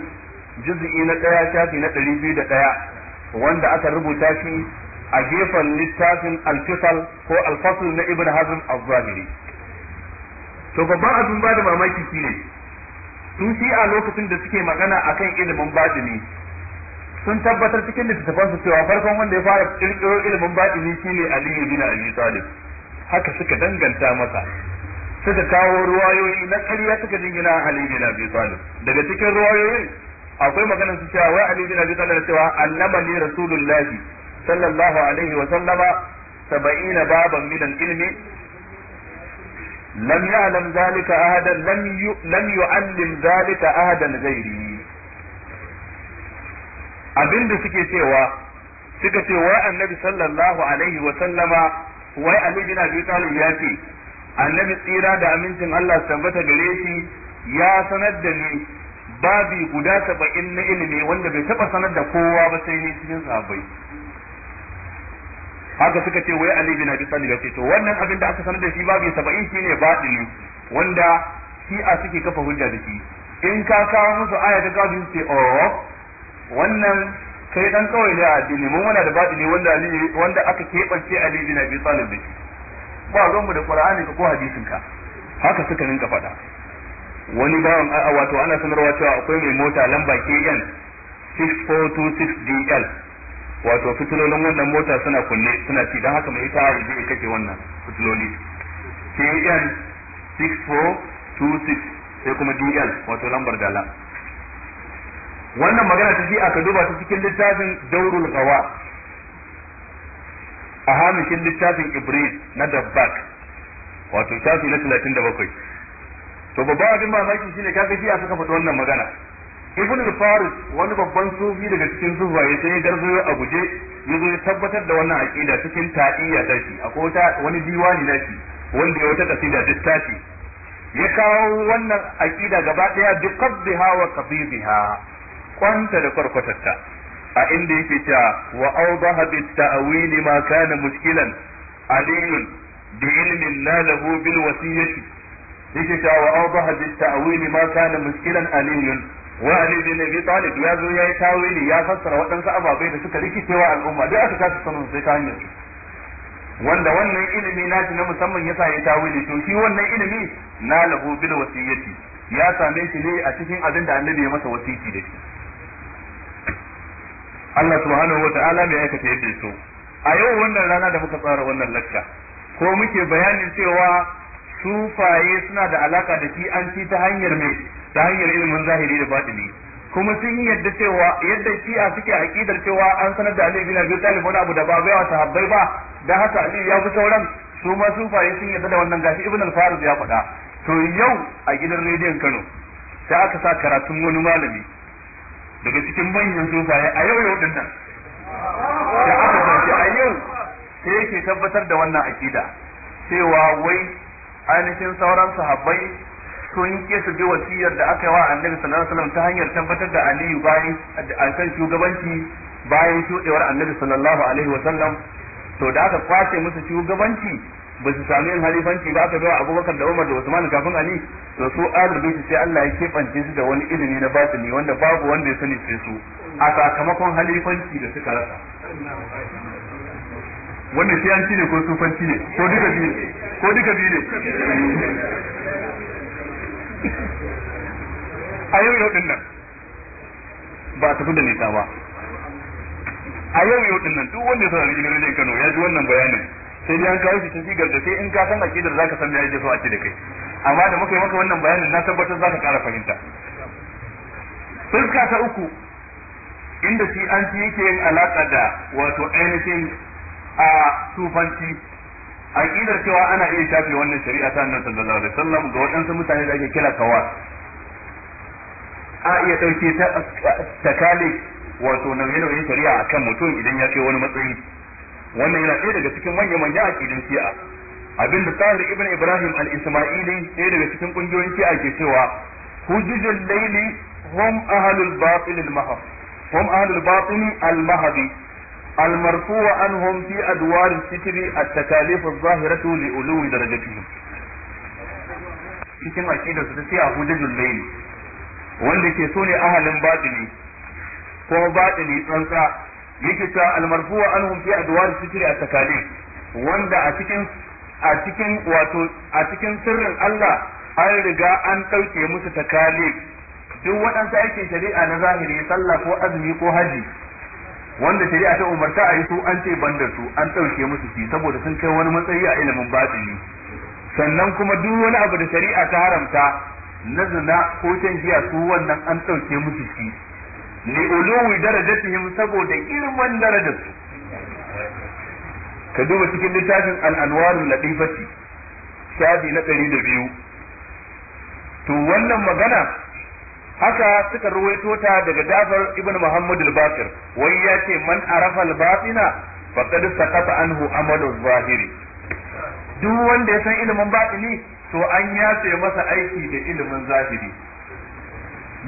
Speaker 2: juz'i na daya shafi na 201 wanda aka rubuta shi a gefen littafin al ko al na ibn hazm az-zahiri to babban abin ba da mamaki shine tun shi a lokacin da suke magana akan ilimin batini sun tabbatar cikin littattafan su cewa farkon wanda ya fara kirkiro ilimin batini shine Aliyu bin Abi Talib haka suka danganta masa suka kawo ruwayoyi na ƙarya suka jingina Aliyu bin Abi Talib daga cikin ruwayoyin akwai maganar su cewa wai Aliyu bin Abi Talib cewa annama ni rasulullahi sallallahu alaihi wa sallama saba'ina baban min ilmi lam ya'lam zalika ahadan lam yu'allim zalika ahadan ghairihi abin da suke cewa suka ce wai annabi sallallahu alaihi wa sallama wai Ali bin Abi Talib ya ce annabi tsira da amincin Allah tabbata gare shi ya sanar da ni babi guda saba'in na ilimi wanda bai taba sanar da kowa ba sai ni cikin sahabbai haka suka ce wai Ali bin Abi Talib ya ce to wannan abin da aka sanar da shi babi saba'in shine badili wanda shi a suke kafa hujja da shi in ka kawo musu aya ka kawo su oh wannan kai dan kawai ne a addini mun muna da batini wanda ali wanda aka kebance ali bin abi talib da ba zan mu da qur'ani ko hadisin ka haka suka rinka faɗa wani bawan a wato ana sanarwa cewa akwai mai mota lamba KN 6426DL wato fitilolin wannan mota suna kunne suna ci dan haka mai ita waje kake wannan fitiloli KN 6426 sai kuma DL wato lambar dala wannan magana ta ji aka duba ta cikin littafin daurul gawa a hamishin littafin ibris na dabbak wato shafi na 37 to babban abin mamaki shine kaga a aka kafa wannan magana ibn al-faris wani babban sufi daga cikin ya sai ya garzo a guje ya zo ya tabbatar da wannan aqida cikin ta'iyya dashi akwai wata wani diwani shi, wanda ya wata kasida dittaci ya kawo wannan aqida gaba daya bi wa qabidiha kwanta da kwarkwatarta a inda yake cewa wa awdaha bit ta'wil ma kana mushkilan aliyun bi ilmin na lahu bil wasiyyati yake cewa wa awdaha bit ta'wil ma kana mushkilan aliyun wa ali bin abi talib ya zo yayi tawili ya fassara waɗansu ababai da suka rikicewa al'umma duk aka kasa sanin sai ta hanyar wanda wannan ilimi nashi na musamman yasa ya tawili to shi wannan ilimi na lahu bil wasiyyati ya same shi ne a cikin abin da annabi ya masa wasiki da shi Allah subhanahu wa ta'ala bai aikata yadda so a yau wannan rana da muka tsara wannan lakka ko muke bayanin cewa sufaye suna da alaka da shi an ci ta hanyar mai ta hanyar ilimin zahiri da batini kuma sun yadda cewa yadda a suke aqidar cewa an sanar da Ali bin Abi Talib wani abu da ba baiwa sahabbai ba dan haka Ali ya fi sauran su ma sufaye sun yadda da wannan gashi Ibn al-Farid ya faɗa to yau a gidan rediyon Kano sai aka sa karatun wani malami daga cikin manyan sufaye a yau yau dinnan
Speaker 3: da
Speaker 2: aka tafi a yau sai yake tabbatar da wannan akida cewa wai ainihin sauran sahabbai sun ke su bi wasiyar da aka yi wa annabi sallallahu alaihi wasallam ta hanyar tabbatar da aliyu bayan akan shugabanci bayan shuɗewar annabi sallallahu alaihi wasallam to da aka kwace musu shugabanci ba su sami yin halifanci da aka bawa abubakar da umar da usman kafin ali da su su sai Allah ya keɓance su da wani ilimi na batini wanda babu wanda ya sani sai su a sakamakon halifanci da suka rasa wannan sai an cire ne ko sufanci ne ko duka biyu ne ko duka biyu
Speaker 3: ne
Speaker 2: a yau yau dinnan nan ba a tafi da nisa ba a yau yau dinnan nan duk wanda ya saurari jirgin rajin Kano ya ji wannan bayanin sai dai an kawo shi cikin sigar da sai in ka san akidar zaka san me yake so a ce da kai amma da muka yi maka wannan bayanin na tabbatar zaka kara fahimta fuska ta uku inda shi an ci yake yin alaƙa da wato ainihin a tufanci aqidar cewa ana iya shafe wannan shari'a ta annabi sallallahu alaihi wasallam ga waɗansu mutane da ake kira kawa a iya ɗauke ta takalik wato nauye-nauyen shari'a akan mutum idan ya kai wani matsayi wannan yana ɗaya daga cikin manya manya aqidun shi'a abin da tahir ibn ibrahim al-isma'ili ɗaya daga cikin ƙungiyoyin shi'a ke cewa hujjul layli hum ahlul batil al-mahab hum ahlul batil al-mahabi المرفوع عنهم في أدوار الستر التكاليف الظاهرة لألو درجتهم cikin aƙida su ta ce a hujjajul laili wanda ke so ne ahalin batini ko batini tsantsa yake cewa almarfu wa anhum fi adwar sitri a tsakanin, wanda a cikin a cikin wato a cikin sirrin Allah an riga an ɗauke musu takali duk waɗansu aikin shari'a na zahiri sallah ko azumi ko haji wanda shari'a ta umarta a yi su an ce ban da su an ɗauke musu shi saboda sun kai wani matsayi a ilimin batini sannan kuma duk wani abu da shari'a ta haramta na zina ko shan su wannan an ɗauke musu shi li daraja darajatihim saboda girman darajarsu ka duba cikin littafin al-anwarul latifati shafi na ɗari da biyu to wannan magana haka suka ruwaito ta daga Jafar ibn Muhammad al-Bakir wai ya ce man arafa al-batina faqad saqata anhu Amadu zahiri duk wanda ya san ilimin batini to an yace masa aiki da ilimin zahiri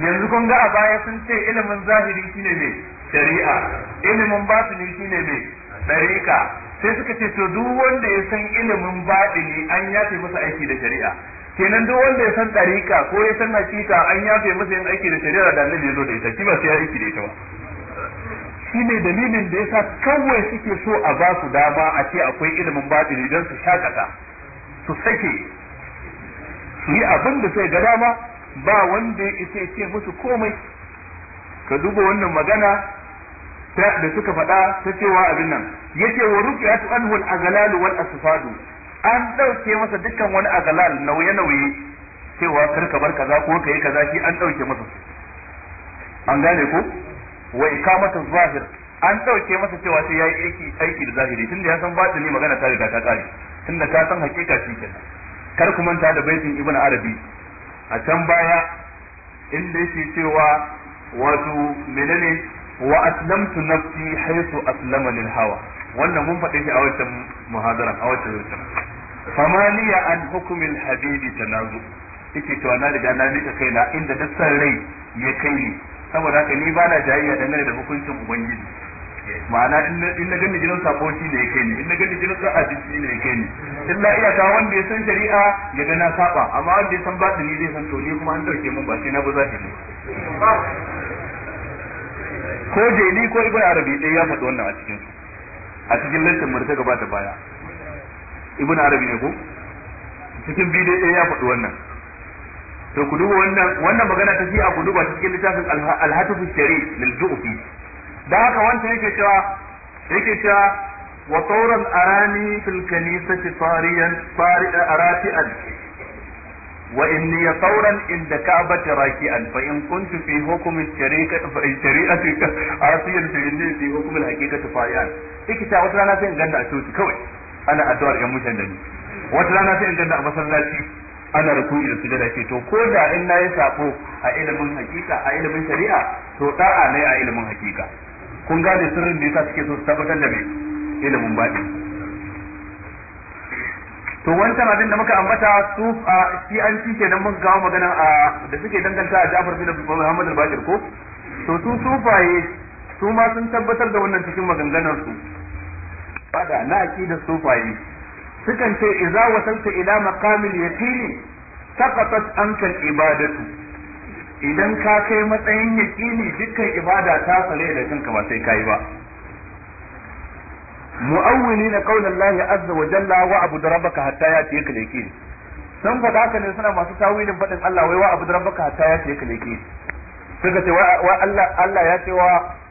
Speaker 2: yanzu kun ga a baya sun ce ilimin zahiri shine ne shari'a ilimin batini shine ne dariƙa sai suka ce to duk wanda ya san ilimin batini an yafe masa aiki da shari'a kenan duk wanda ya san dariƙa ko ya san hakika an yafe masa yin aiki da shari'a da annabi ya zo da ita kima sai ya aiki da ita ba shi ne dalilin da yasa kawai suke so a ba su dama a ce akwai ilimin batini don su shakata su sake su yi abin da sai ga dama ba wanda ya isa ce musu komai ka duba wannan magana da suka faɗa ta cewa abin nan yace wa ruqyatu anhu al-aghlal wal asfadu an dauke masa dukkan wani aghlal nauye nauye cewa kar ka bar kaza ko kai kaza shi an dauke masa an gane ko wa ikamatu zahir an dauke masa cewa sai yayi aiki aiki da zahiri tunda ya san ni magana ta riga ta kare tunda ka san hakika shi kenan kar ku manta da baitin ibnu arabi a can baya inda yake cewa wato menene wa aslamtu nafsi haythu aslama lil hawa wannan mun faɗe shi a wancan muhadara a wancan wancan famaniya an hukumin habibi tanazu yake cewa na riga na nika kaina inda duk rai ya kai ni saboda haka ni ba na jayayya dangane da hukuncin ubangiji ma'ana in na gani gidan sako shi ne yake ni in na gani gidan sa'a shi ne yake ni illa iyaka wanda ya san shari'a ya ga na saba amma wanda ya san batini zai san to ni kuma an dauke mun ba sai na ba za ne ko jeli ko ibn arabi dai ya faɗi wannan a cikin a cikin lantin murta gaba da baya ibn arabi ne ko cikin bidiyo dai ya faɗi wannan to ku duba wannan wannan magana ta fi a ku duba cikin littafin al-hatufu shari'i lil-ju'fi da haka wancan yake cewa yake cewa wa tauran arani fil kanisati tariyan tari'a rati'an wa inni tauran inda ka'bati raki'an fa in kuntu fi hukm shari'a shariati fa shari'ati asiyan fi inni fi hukm al-haqiqati fari'an yake cewa wata rana sai in ganda a coci kawai ana addu'ar yan mutan da ni wata rana sai in ganda a masallaci ana kuɗi da su ce to ko da in yi sako a ilimin hakika a ilimin shari'a to da'a ne a ilimin hakika kun gane sirrin da yasa suke so su tabbatar da me ilimin baɗi to wancan abin da muka ambata su a shi an ci kenan mun gawo magana a da suke danganta a Ja'far bin Muhammad al-Bashir ko to su sufaye su ma sun tabbatar da wannan cikin maganganar su bada na su sufaye sukan ce idza wasalta ila maqamil yaqini saqatat anka ibadatu idan ka kai matsayin yaƙini dukkan ibada ta tsare da kanka ba sai kai ba mu'awwili na qaulan lahi azza wa jalla wa abu da rabbaka hatta ya ce ka leke san faɗa ka ne suna masu tawilin faɗin Allah wai wa abu da rabbaka hatta ya ce ka yake. suka ce wa Allah Allah ya ce wa